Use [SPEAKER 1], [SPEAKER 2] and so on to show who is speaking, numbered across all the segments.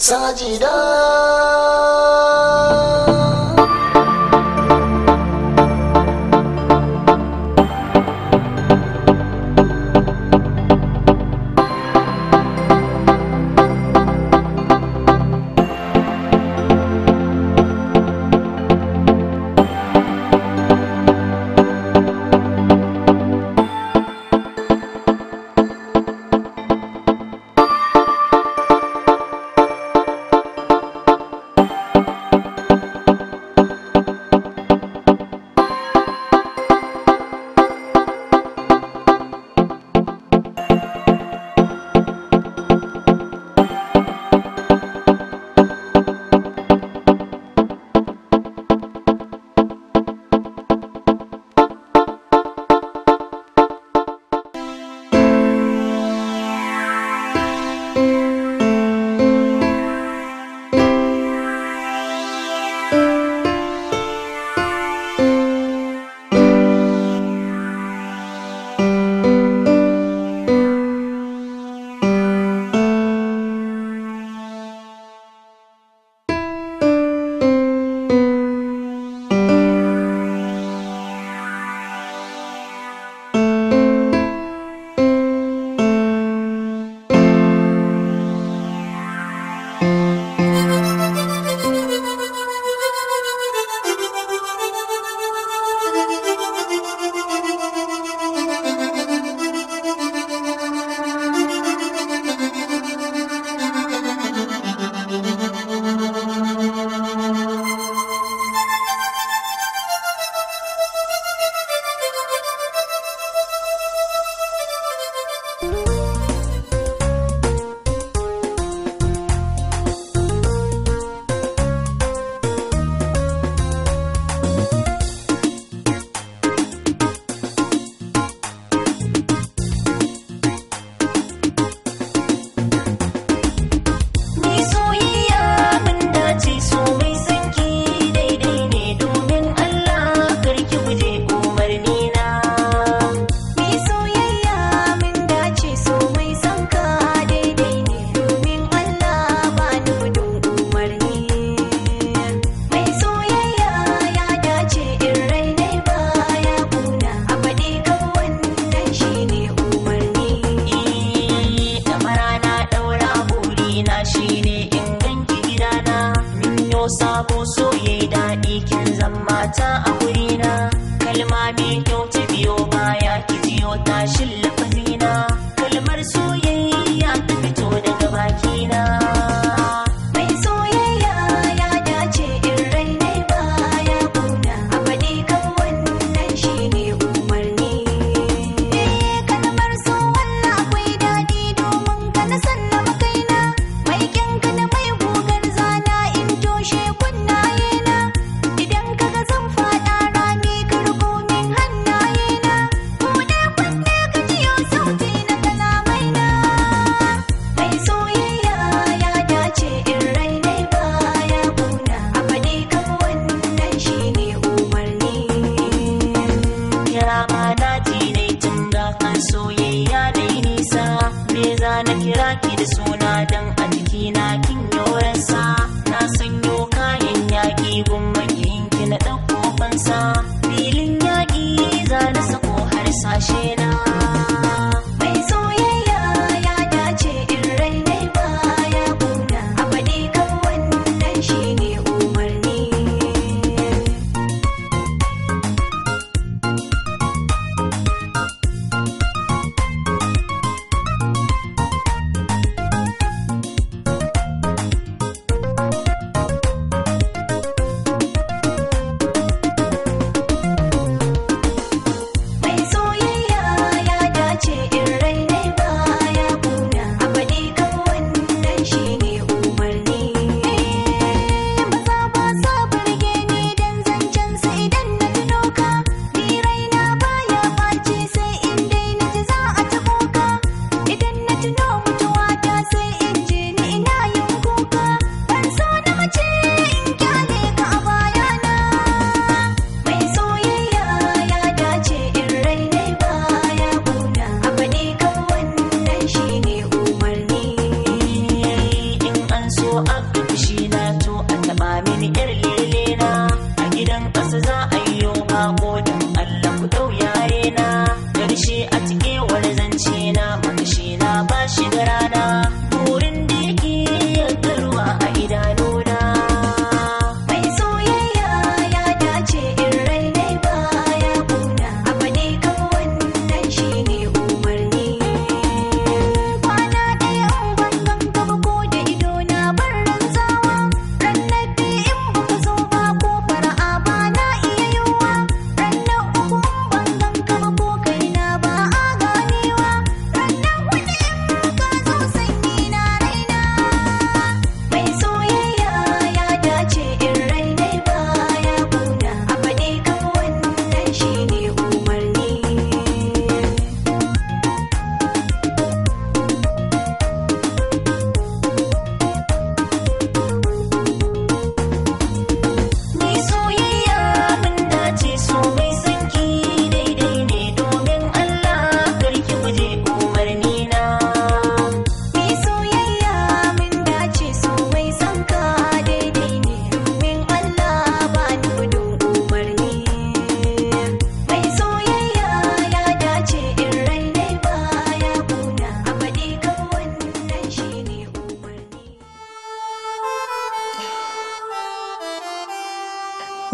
[SPEAKER 1] sajida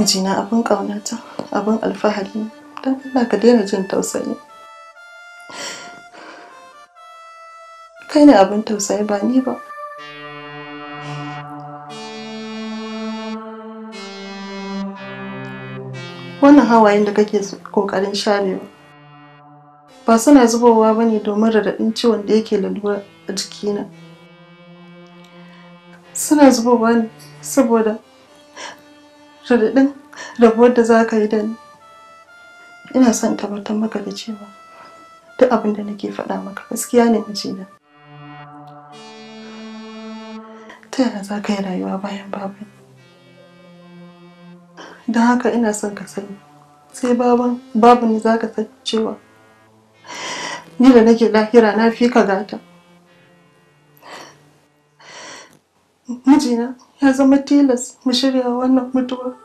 [SPEAKER 2] mijina abin ƙaunata abin alfahari don Allah ka daina jin tausayi kai ne abin tausayi ba ni ba wannan hawayen da kake ƙoƙarin sharewa ba suna zubowa ba ne domin raɗaɗin ciwon da yake lalura a jikina suna zubowa ne saboda raɗaɗin rabuwar da za ka yi da ni ina son tabbatar maka da cewa duk abin da nake faɗa maka gaskiya ne na mijina ta yaya za ka yi rayuwa bayan babu don haka ina son ka sani sai baban babu ne za ka san cewa ni da nake lahira na fi ka gata mijina ya zama tilas mu shirya wannan mutuwa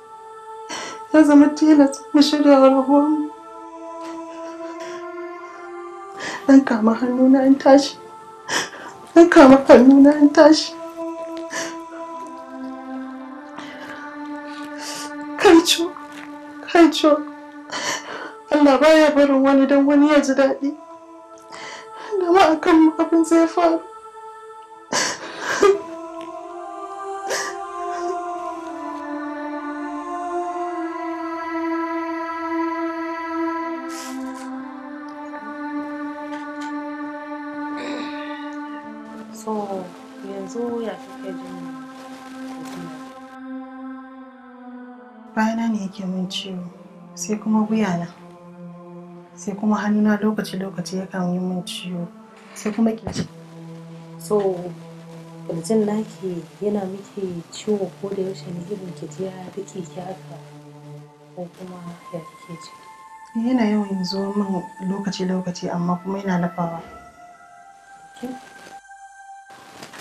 [SPEAKER 2] ya zama tilas mu shirya rabuwanmu dan kama hannuna in tashi dan kama hannuna in tashi kaico kaico Allah baya barin wani don wani ya ji daɗi da ma akan abin zai faru sai kuma na sai kuma hannuna
[SPEAKER 3] lokaci-lokaci ya kan yi min ciwo sai kuma kirji so kirjin naki yana miki ciwo ko da yaushe ne irin kirji ya rike ki haka ko kuma ya kike ci.
[SPEAKER 2] yana yawan zo min lokaci-lokaci amma kuma yana lafawa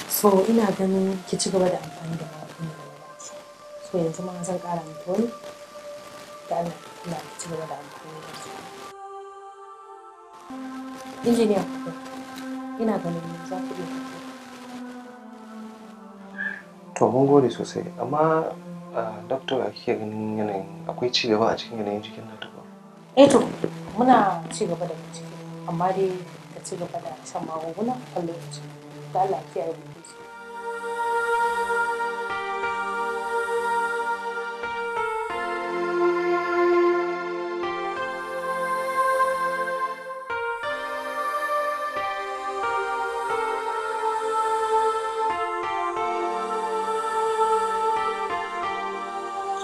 [SPEAKER 2] so
[SPEAKER 3] ina ganin ki ci gaba da amfani da magungunan so yanzu ma zan kara mutuwa da Allah na ci gaba da amfani da
[SPEAKER 4] su injiniya ina ganin za ku
[SPEAKER 5] iya to mun gode sosai amma doctor a kike ganin yanayin akwai cigaba a cikin yanayin jikin nata
[SPEAKER 3] to muna cigaba gaba ciki amma dai ka cigaba da shan magunguna kan lokaci da Allah ya kiyaye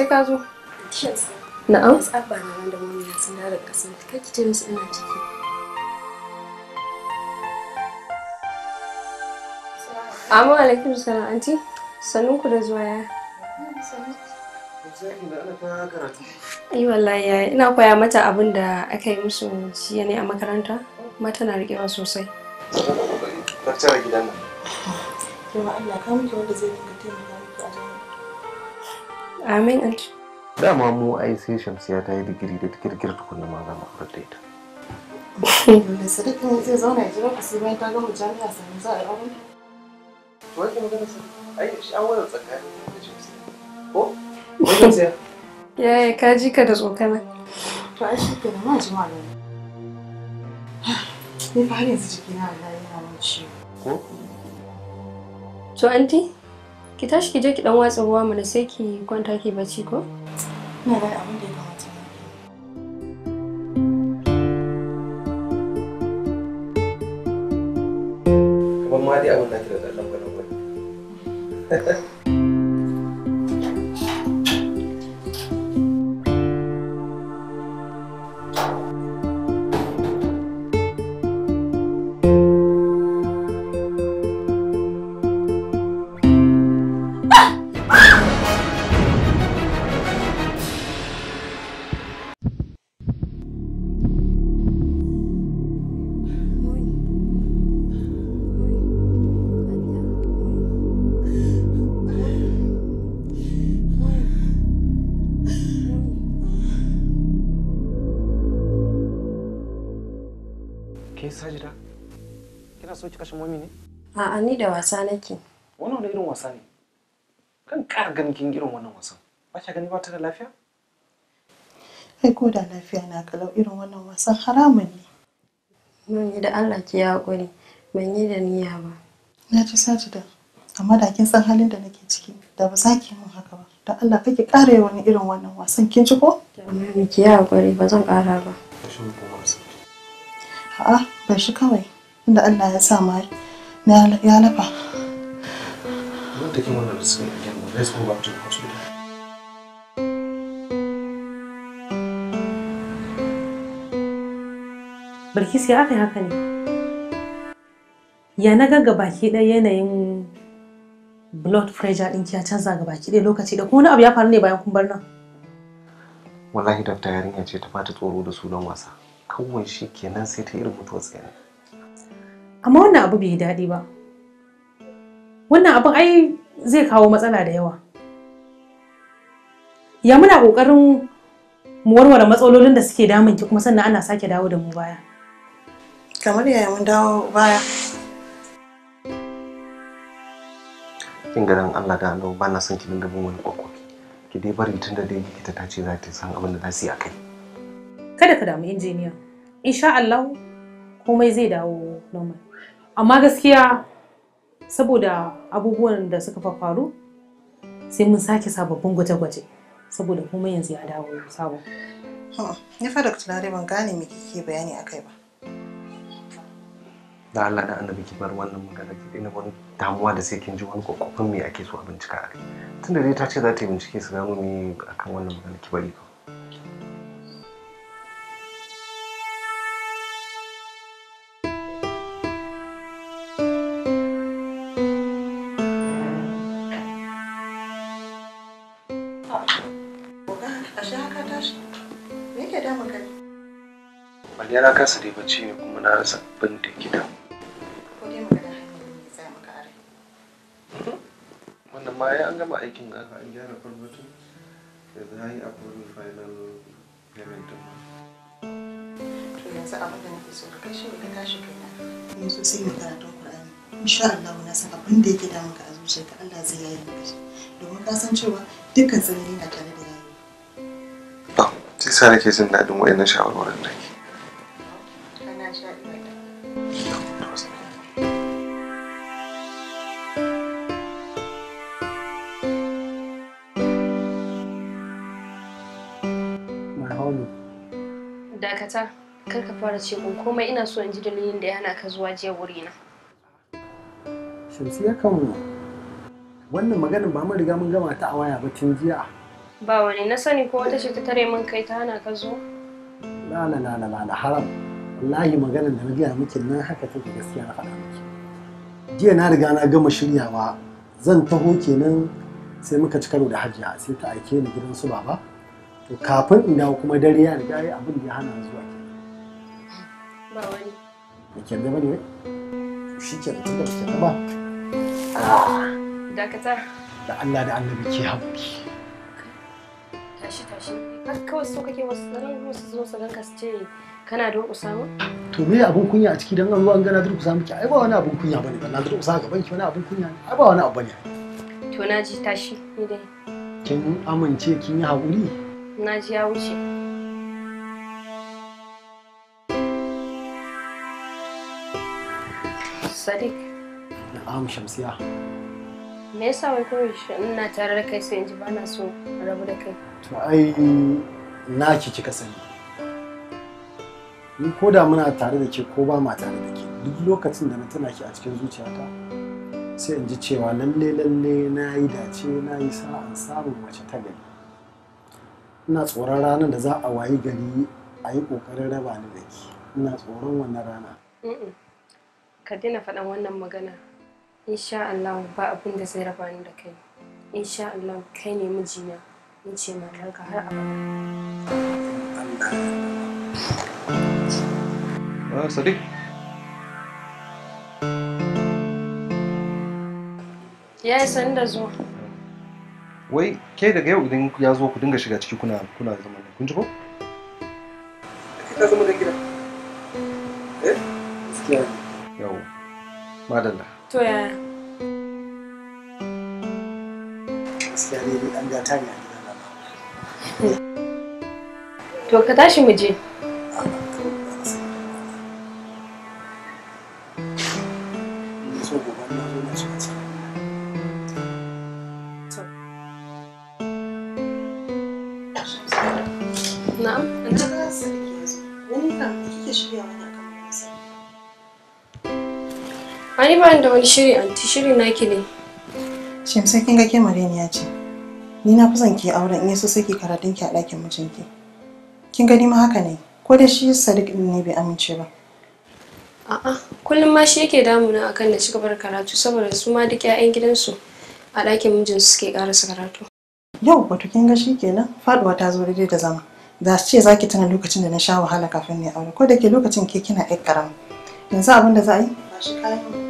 [SPEAKER 4] sai ka zo na'am abba na wanda mun ya sun da kasan kai ki ce musu ina ciki Amma alaikum salam anti sannun ku da zuwa ya Ai wallahi yaya ina koya mata abin da aka yi musu jiya ne a makaranta kuma tana riƙewa sosai.
[SPEAKER 5] Ta gidan nan.
[SPEAKER 4] Allah ka wanda
[SPEAKER 2] zai dinga taimaka
[SPEAKER 4] Amin anti.
[SPEAKER 5] Dama mu ai sai Shamsiya ta yi digiri da ta kirkira tukunna ma za mu aure da ita.
[SPEAKER 2] Da sadakin zai zauna ya jira ku sai bayan ta gama jami'a sannan za a yi aure. To wai magana sai ai shawarar tsakanin da Shamsiya.
[SPEAKER 6] Ko? wajen Shamsiya?
[SPEAKER 4] ya ka ji ka da tsokana. To ai shi kenan ma jima'a ne. Ni fa har yanzu jikina Allah yana mun ciwo. Ko? To anti? ki tashi ki je ki dan watsa ruwa mana sai ki kwanta ki bacci ko
[SPEAKER 3] ina da abin da ya kamata
[SPEAKER 5] kamar ma dai abin da ke da tsallan gwada gwada so ki kashe momi ne?
[SPEAKER 4] A'a ni da wasa nake.
[SPEAKER 5] Wani wani irin wasa ne? Kan ganin kin wannan wasan. Ba ki gani ba ta da lafiya?
[SPEAKER 2] Kai ko da lafiya na kalau irin wannan wasan haramun ne.
[SPEAKER 4] Mun da Allah ki haƙuri. Ban yi da niyya ba.
[SPEAKER 2] Na ci sati da. Amma da kin san halin da nake ciki. Da ba za ki min haka ba. Da Allah kake kare wani irin wannan wasan kin ci ko? Mami ki haƙuri ba zan ƙara ba. A'a, bar shi kawai. da Allah ya sa ma ya lafa.
[SPEAKER 5] Don't
[SPEAKER 3] ya aka haka ne. Ya na ga baki ɗaya yanayin blood pressure ɗinki ya canza ga baki ɗaya lokaci da kuma wani abu ya faru ne bayan kun bar nan.
[SPEAKER 5] Wallahi dokta yarinya ce ta bata tsoro da sunan wasa. Kawai shi kenan sai ta yi rubutu tsaye.
[SPEAKER 3] amma wannan abu bai daɗi ba wannan abin ai zai kawo matsala da yawa ya muna ƙoƙarin mu warware matsalolin da suke damun ki kuma sannan ana sake dawo da mu baya kamar yaya mun dawo baya
[SPEAKER 5] kin ga Allah da Allah ba na son ki dinga bin wani kokoki ki dai bari tun da dai kita ta ce za ta san abin da za su yi akai
[SPEAKER 3] kada ka damu injiniya insha Allah komai zai dawo normal amma gaskiya saboda abubuwan da suka faru sai mun sake sababbin gwaje-gwaje saboda kuma yanzu ya dawo sabo ni fa da tunare ban gane me kike bayani akai ba
[SPEAKER 5] da Allah da annabi ki bar wannan magana ki dina wani damuwa da sai kin ji wani kokofin me ake so a bincika tunda dai ta ce za ta yi bincike su gano me akan wannan magana ki bari kasa dai bacci ne kuma na rasa bin da gida mhm. wannan ma ya an gama aikin ga an gyara farbatun za a yi akwai final payment din
[SPEAKER 2] to yanzu abin da nake so ka kashe ka tashi kai na yanzu sai mu karatun Qur'ani insha Allah na san abin da yake damun ka a ka Allah zai yaye maka domin ka san cewa dukkan tsanani na tare da yayi
[SPEAKER 5] ba sai sa nake jin daɗin wa'annan shawarwarin nake
[SPEAKER 7] umu.
[SPEAKER 4] Dakata, kar ka fara ce kun komai ina so in ji dalilin da ya hana ka zuwa jiya wurina.
[SPEAKER 7] Shamsiya kan wannan magana ba mun riga mun gama ta a waya ba tun jiya.
[SPEAKER 4] Ba wani na sani ko wata ce ta tare min kai ta hana ka zo.
[SPEAKER 7] Lala na la haram. Wallahi maganar da na gaya miki nan haka take gaskiya na faɗa miki. Jiya na riga na gama shiryawa zan taho kenan sai muka ci karo da hajiya sai ta aike ni gidan su baba. to kafin in dawo kuma dare ya riga ya abin da ya hana zuwa ke ba wani ke gaba ne shi ke da tunda ke gaba dakata da Allah da Allah ke
[SPEAKER 4] haƙuri tashi tashi har kawai so kake wasu wasu zo su ganka su ce kana to
[SPEAKER 7] kunya a ciki dan an zo an miki ai kunya bane dan gaban ki wani kunya ai ba bane
[SPEAKER 4] to na ji tashi ni dai
[SPEAKER 7] kin amince kin yi haƙuri
[SPEAKER 4] na ji ya wuce sadiq shamsiya me yasa wai koyaushe ina tare da kai sai in ji ba na so rabu da kai
[SPEAKER 7] to ai na ki kika sani ni ko da muna tare da ke ko ba ma tare da ke duk lokacin da na tana ki a cikin zuciyata sai in ji cewa lalle lalle na yi dace na yi sa'an samun mace ta gani. ina tsoron ranar da za a wayi gari a yi ƙoƙarin raba ni da ke ina tsoron wannan rana
[SPEAKER 4] ka daina faɗan wannan magana insha Allah ba abin da zai raba ni da kai insha Allah kai ne mijina in ce ma har abada ah, Sadiq Ya yi sanda zuwa.
[SPEAKER 5] wai ke daga yau idan ya zo ku dinga shiga ciki kuna kuna zama ne kun ji ko
[SPEAKER 4] ka zama da gida eh gaskiya
[SPEAKER 5] yawo madalla
[SPEAKER 4] to ya
[SPEAKER 7] gaskiya ne an ga ta ne
[SPEAKER 4] to ka tashi mu je ba da wani shiri anti shiri naki
[SPEAKER 2] ne. sai kin ga ke mareniya ce. Ni na fi zan ki auren in yaso sai ki karatun ki a ɗakin mijinki. Kin gani ma haka ne. Ko da shi Sadiq ne bai amince ba.
[SPEAKER 4] A'a, kullum ma shi yake damuna akan da ci gaba da karatu saboda su ma duk 'ya'yan gidansu a ɗakin mijinsu suke ƙarasa karatu.
[SPEAKER 2] Yau wato kin ga shi kenan faduwa ta zo daidai da zama. Da su ce za ki tana lokacin da na sha wahala kafin ne aure ko da ke lokacin ke kina ƴar ƙarama. Yanzu abin da za a yi ba shi kayan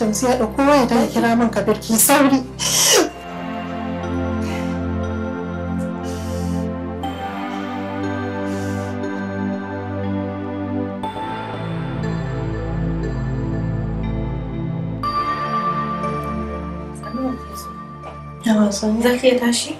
[SPEAKER 4] shamsu ya ɗauko waya ta kira min ka birki sauri
[SPEAKER 3] tashi?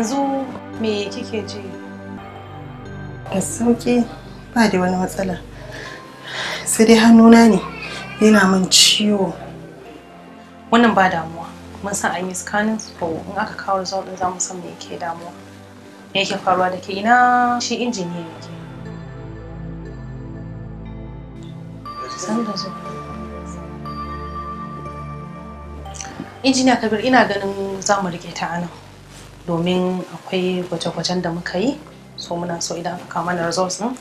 [SPEAKER 3] yanzu me kike ji
[SPEAKER 2] da sauki ba da wani matsala sai dai hannuna ne yana min ciwo
[SPEAKER 3] wannan ba damuwa mun san an yi scanning to in aka kawo result din zamu san me yake damuwa me yake faruwa da ke ina shi injiniya yake san da zuwa injiniya kabir ina ganin zamu rike ta anan domin akwai gwaje-gwajen da muka yi so muna so idan aka kama na results din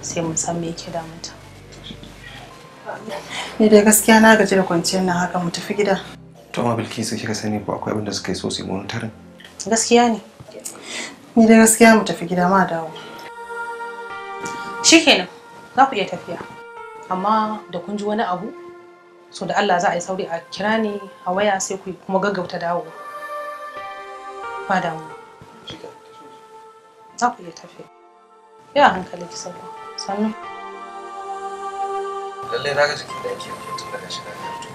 [SPEAKER 3] sai mu san me yake damunta
[SPEAKER 2] ni dai gaskiya na gaji da kwanciyar nan haka mu tafi gida
[SPEAKER 5] to amma bilkisu kika sani ko akwai abin da suka yi so su yi
[SPEAKER 2] gaskiya ne ni dai gaskiya mu tafi gida ma dawo
[SPEAKER 3] shikenan za ku iya tafiya amma da kun ji wani abu so da Allah za a yi sauri a kira ni a waya sai ku kuma gaggauta dawowa ba damuwa za ku iya tafi ya hankali ki sauka sannu
[SPEAKER 5] Lalle na ga jikin da yake yi tun daga shiga da mutum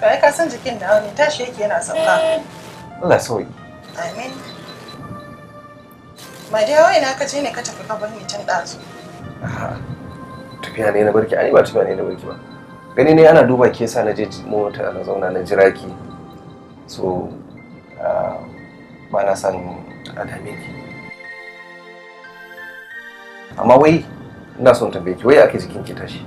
[SPEAKER 2] da kira ka san jikin da wani tashi yake yana sauka Allah sauyi. amin ma dai wai na ka je ne ka tafi
[SPEAKER 7] ka bar ni tun ɗazu.
[SPEAKER 5] tafiya ne na barki ai ba tafiya ne na barki ba gani ne ana duba ke sa na je mota na zauna na jiraki. so ba na son a dame ki amma wai ina son tambaye ki wai aka jikin ki tashi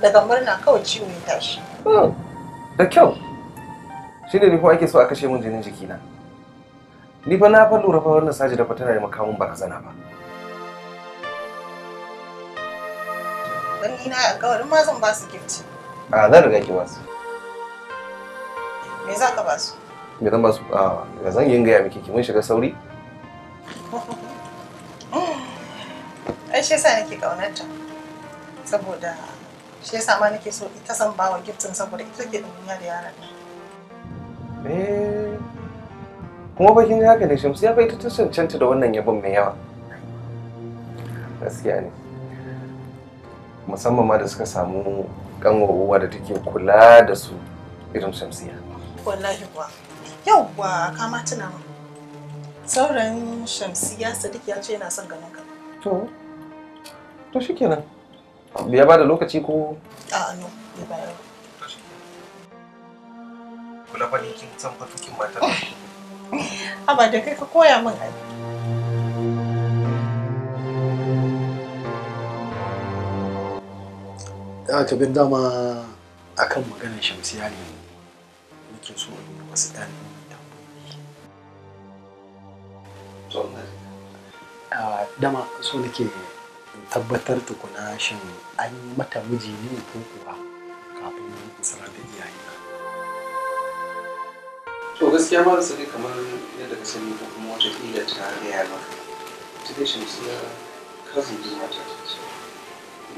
[SPEAKER 2] daga murna kawai ciwo ya tashi hmm,
[SPEAKER 7] da kyau
[SPEAKER 5] shine ne kuma ake so a kashe min jinin jikina ni fa na fa lura fa wannan saji da fa tana da makamun barazana ba
[SPEAKER 2] dan na alƙawarin ma zan ba su gift
[SPEAKER 5] a zan riga ki ba su
[SPEAKER 2] me za ka ba su
[SPEAKER 5] me zan ba su a ga zan yin gaya miki ki mun shiga sauri
[SPEAKER 2] ai shi yasa nake kaunarta saboda shi yasa ma nake so ita san bawa giftin saboda ita ke duniya da yaran
[SPEAKER 5] eh kuma bakin haka ne shamsu ya bai ta cancanta da wannan yabon mai yawa gaskiya ne musamman ma da suka samu kanwa da take kula da su irin shamsiya
[SPEAKER 2] wallahi kuwa yauwa ka kama tuna ma. sauran shamsiya sadiq ya ce yana son ganin ka
[SPEAKER 5] to to shikenan ya bada lokaci ko
[SPEAKER 2] a'a no ya bayar kula fa kin san fa mata Aba da kai ka koya min ai.
[SPEAKER 7] da bin dama akan maganar shamsiya ne nake so in yi wasu ɗan tambayoyi dama so nake tabbatar tukuna shin an yi mata miji ne ko kuwa kafin sanar da iyaye na.
[SPEAKER 5] to gaskiya ma da sani kamar yadda ka sani ko kuma wata kila ta gaya ba ta dai shamsiya kazin jimata ta ce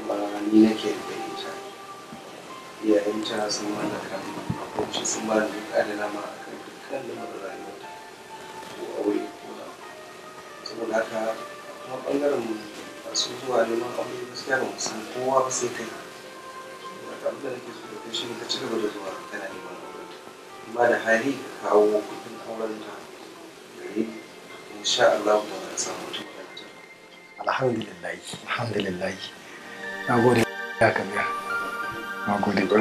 [SPEAKER 5] ba ni nake da iyayen ta sun mallaka a kwanci sun ba da duk adana a kan dukkan lamar rayuwar ta ko aure ko na saboda haka kuma ɓangaren masu zuwa neman aure gaskiya ba san kowa ba sai kai wata abin da nake so da kai shi ne ta ci gaba da zuwa kana neman aure amma da hali ka kawo kuɗin auren ta gari insha Allah
[SPEAKER 7] ba za a samu ta alhamdulillah alhamdulillah na gode ya kamar Na gode por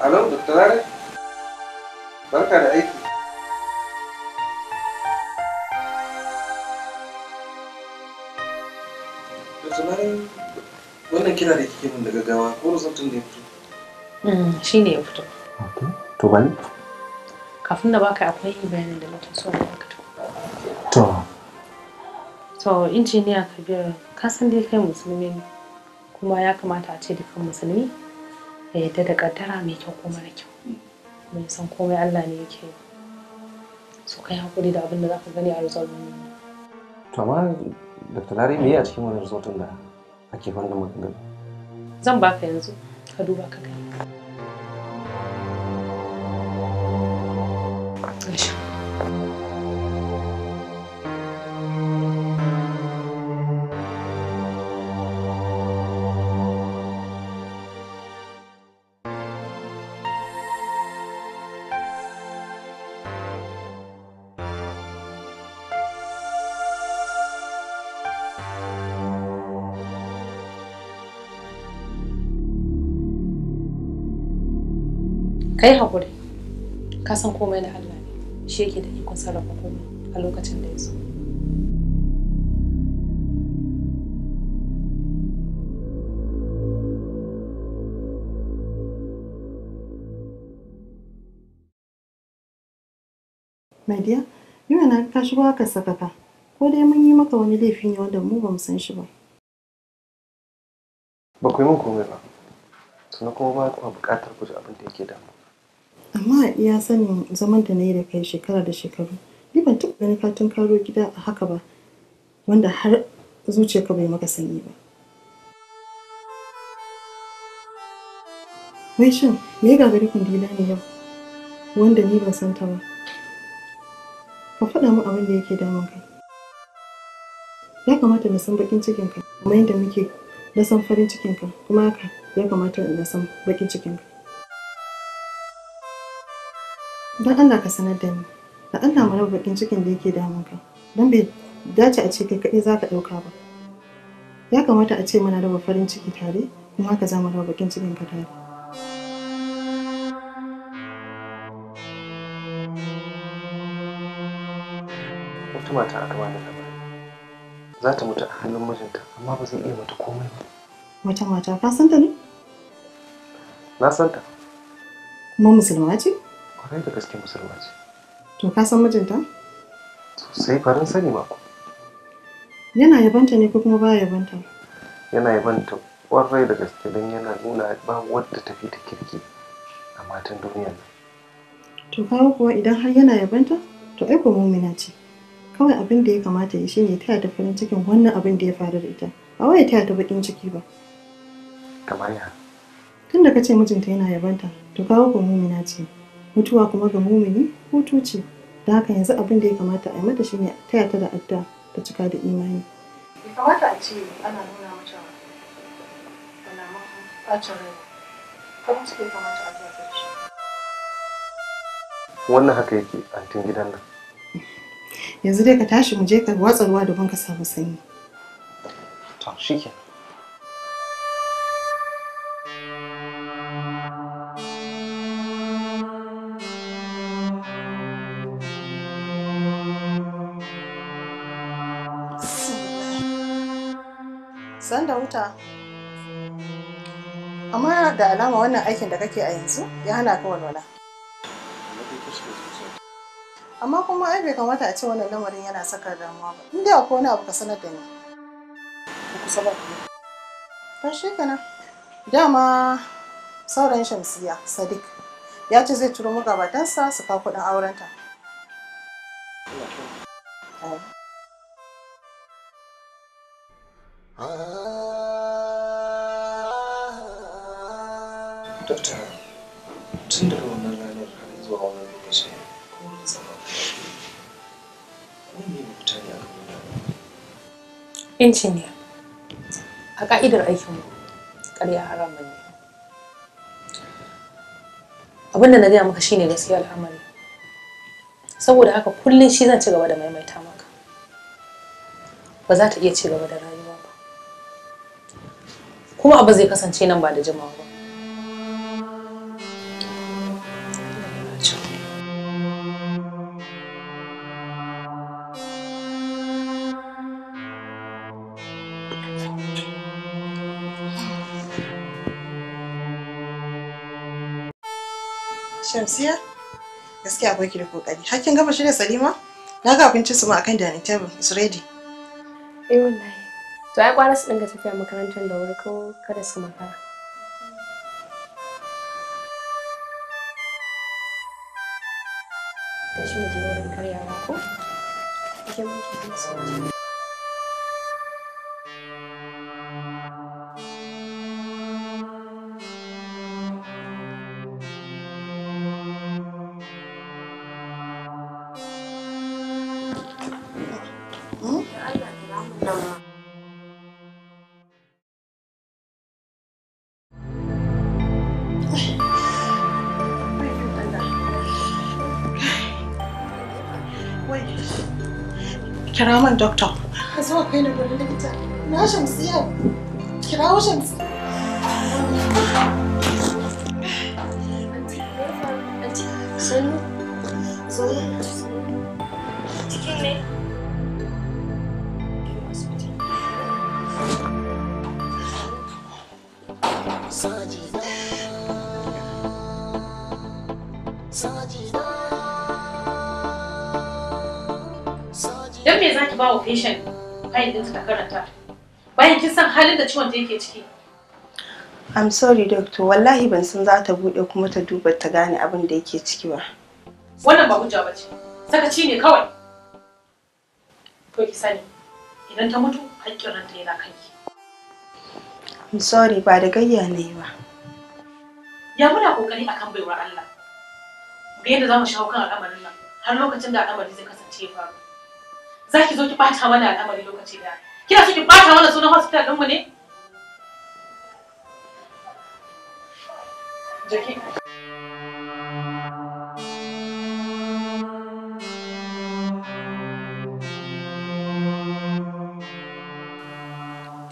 [SPEAKER 7] Alo, Dr.
[SPEAKER 5] da aiki. Yanzu wannan kira da kike min da gaggawa ko resultin da ya
[SPEAKER 3] hmm, Shi ne ya fito. To Kafin da baka akwai bayanin da nake so na baka To. To injiniya Kabir ka san dai kai musulmi ne kuma ya kamata a ce dukkan musulmi ya yarda da kaddara mai kyau ko mara kyau. Mai san komai Allah ne yake yi. So kai hakuri da abin da zaka gani a result
[SPEAKER 5] To amma da talare me a cikin wani result da ake fara maganganu?
[SPEAKER 3] Zan baka yanzu ka duba ka gani. kai hakuri ka san komai da Allah ne shi yake da ikon sarrafa komai a lokacin da ya so my dear yau na ka shigo ka sakaka ko dai mun yi maka wani laifi ne da mu ba mu san shi ba
[SPEAKER 5] ba ku yi min komai ba sannan kuma ba ku buƙatar ku abin da yake damu
[SPEAKER 2] amma ya sanin zaman da na yi da kai shekara da shekaru ni ban taɓa ganin ka karo gida a haka ba wanda har zuciyarka bai maka sanyi ba wai shin me ga gari kundila ne yau wanda ni ban san ta ba ka faɗa mu abin da yake damun kai ya kamata na san bakin cikinka kuma yadda muke na san farin cikinka kuma haka ya kamata na san bakin cikinka. Don Allah ka sanar da ni. Da Allah mu rabu bakin cikin da yake damun ka. Don bai dace a ce kai kaɗai za ka ɗauka ba. Ya kamata a ce muna raba farin ciki tare kuma haka za mu raba bakin cikin ka tare.
[SPEAKER 5] Wata mata a gaba da za ta mutu a hannun mijinta amma ba zan iya mata komai ba.
[SPEAKER 2] Wata mata ka san ta ne? Na san ta. Kuma musulma ce?
[SPEAKER 5] kwarai da gaske musulma ce
[SPEAKER 2] to ka san mijinta
[SPEAKER 5] sosai farin sani mako
[SPEAKER 2] yana yabanta ne ko kuma ba yabanta
[SPEAKER 5] yana yabanta kwarai da gaske don yana nuna ba wadda tafi da kirki a matan duniya
[SPEAKER 2] to kawo kuwa idan har yana yabanta to ai ko mumina ce kawai abin da ya kamata ya shine taya ta farin cikin wannan abin da ya faru da ita ba wai taya da bakin ciki ba kamar ya tunda kace mijinta yana yabanta to kawo ko mumina ce mutuwa kuma ga mumini hutu ce da haka yanzu abin da ya kamata a yi mata shine taya ta da adda ta cika da imani kamata a ce ana nuna mata su kamata
[SPEAKER 5] a wannan haka yake antin gidan nan
[SPEAKER 2] yanzu dai ka tashi mu je ka watsa ruwa domin ka samu sanyi to shike mota amma da alama wannan aikin da kake a yanzu ya hana ka walwala amma kuma ai bai kamata a ce wannan lamarin yana saka damuwa ba in dai akwai wani abu ka sanar da ni kusa ba to shi kenan dama sauran shamsiya sadiq ya ce zai turo magabatansa su kawo kuɗin aurenta
[SPEAKER 6] Hi, dokta tun daga wannan
[SPEAKER 5] ranar har zuwa wannan lokaci ko zama ne ne
[SPEAKER 3] injiniya a ka'idar aikinmu ƙarya haramun ne abinda na gaya maka shine gaskiya al'amari saboda haka kullum shi zan ci gaba da maimaita maka ba za ta iya ci gaba da rayuwa ba kuma abu zai kasance nan ba da jimawa ba
[SPEAKER 2] Shamsiya? Gaskiya akwai ki da kokari. Hakkin gama shi da Salima? Na ga abincin su ma akan dining
[SPEAKER 4] table. It's ready. Eh wallahi. To ai kwana su dinga tafiya makarantar da wuri ko kada su makara. Tashi mu wurin karyawa
[SPEAKER 6] ko?
[SPEAKER 2] kira min doctor ka zo kai ni gurin likita na shamsiya kirawo shamsiya
[SPEAKER 3] patient file ɗinta ta karanta bayan kin san halin da ciwon ta yake ciki
[SPEAKER 2] I'm sorry doctor wallahi ban san za ta bude kuma ta duba ta gane abin da yake ciki ba wannan ba hujja
[SPEAKER 3] bace sakaci ne kawai Ko ki sani idan ta mutu haƙƙin ranta yana kanki
[SPEAKER 2] I'm sorry ba da gayya ne ba
[SPEAKER 3] ya muna kokari akan baiwar Allah ga yadda za mu shawo kan al'amarin nan har lokacin da al'amari zai kasance ya faru za ki zo ki ɓata wani al'amari lokaci daya kina so ki ɓata wani sunan hospital ɗinmu ne Jackie.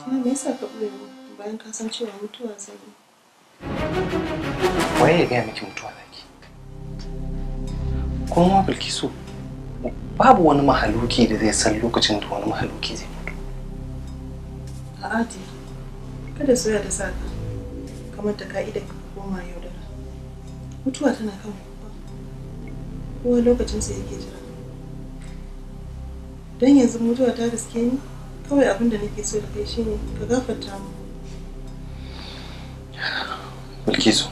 [SPEAKER 2] me yasa ka ɓoye bayan ka san cewa mutuwa zai yi?
[SPEAKER 5] Waye ya gaya miki mutuwa zaki? Kuma ma Bilkisu babu wani mahaluki da zai san lokacin da wani mahaluki zai fito
[SPEAKER 2] a'ati kada soya da saka kamar ta ka'ida ka koma yaudara mutuwa tana kan kowa lokacinsa yake jira don yanzu mutuwa ta gaske ni kawai abin da nake so da kai shine ka gafarta mu
[SPEAKER 5] Bilkisu,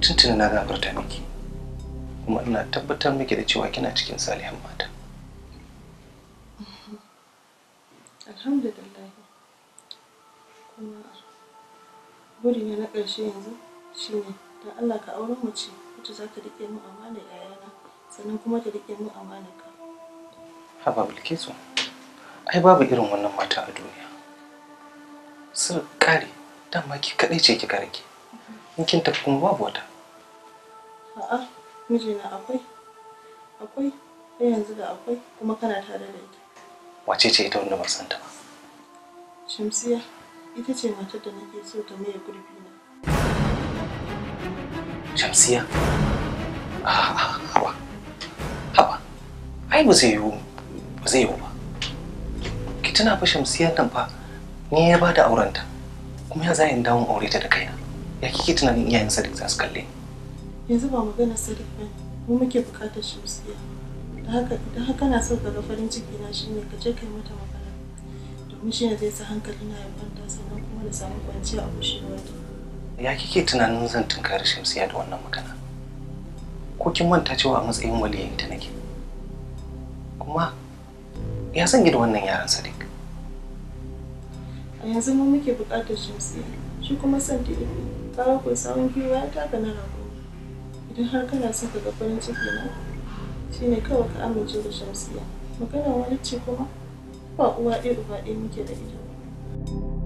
[SPEAKER 5] tuntuna na gafarta miki. kuma ina tabbatar miki da cewa kina cikin salihan mata
[SPEAKER 2] alhamdulillah kuma burina na ƙarshe yanzu shine da Allah ka auren mace wacce za ta riƙe min amanar yayana sannan kuma ta riƙe min amanar ka
[SPEAKER 5] haba bilkisu ai babu irin wannan mata a duniya sun kare dama ki kaɗai ce ki rage in kin tafi kuma babu wata
[SPEAKER 2] a'a mijina akwai akwai har yanzu da akwai kuma kana tare da ita
[SPEAKER 5] wace ce ita wanda ban san ta ba
[SPEAKER 2] shamsiya ita ce matar da nake so ta maye gurbi na
[SPEAKER 5] shamsiya ah, ah haba haba ai ba zai yiwu ba zai yiwu ba ki tana fa shamsiya nan fa ni ya bada aurenta kuma ya za in dawo aure ta da kaina ya kike tunanin iyayensa da za su kalle ni
[SPEAKER 2] yanzu ba magana sadiq ba mu muke bukatar musiya da haka idan haka na so ka ga farin ciki na shine ka je kai mata magana domin shine zai sa hankali na ya kwanta sannan kuma da samu kwanciya a kushewarta
[SPEAKER 5] ya kike tunanin zan tunkari shamsiya da wannan magana ko kin manta cewa a matsayin waliyin ta nake kuma ya san da wannan yaran sadiq
[SPEAKER 2] a yanzu mu muke bukatar shamsiya shi kuma sadiq ba ku sawun kiwa ta ga na rago idan har kana son ka ga farin ciki na ne kawai ka amince da shamsiya magana wani ce kuma ba uwa ɗaya uba ɗaya muke da ita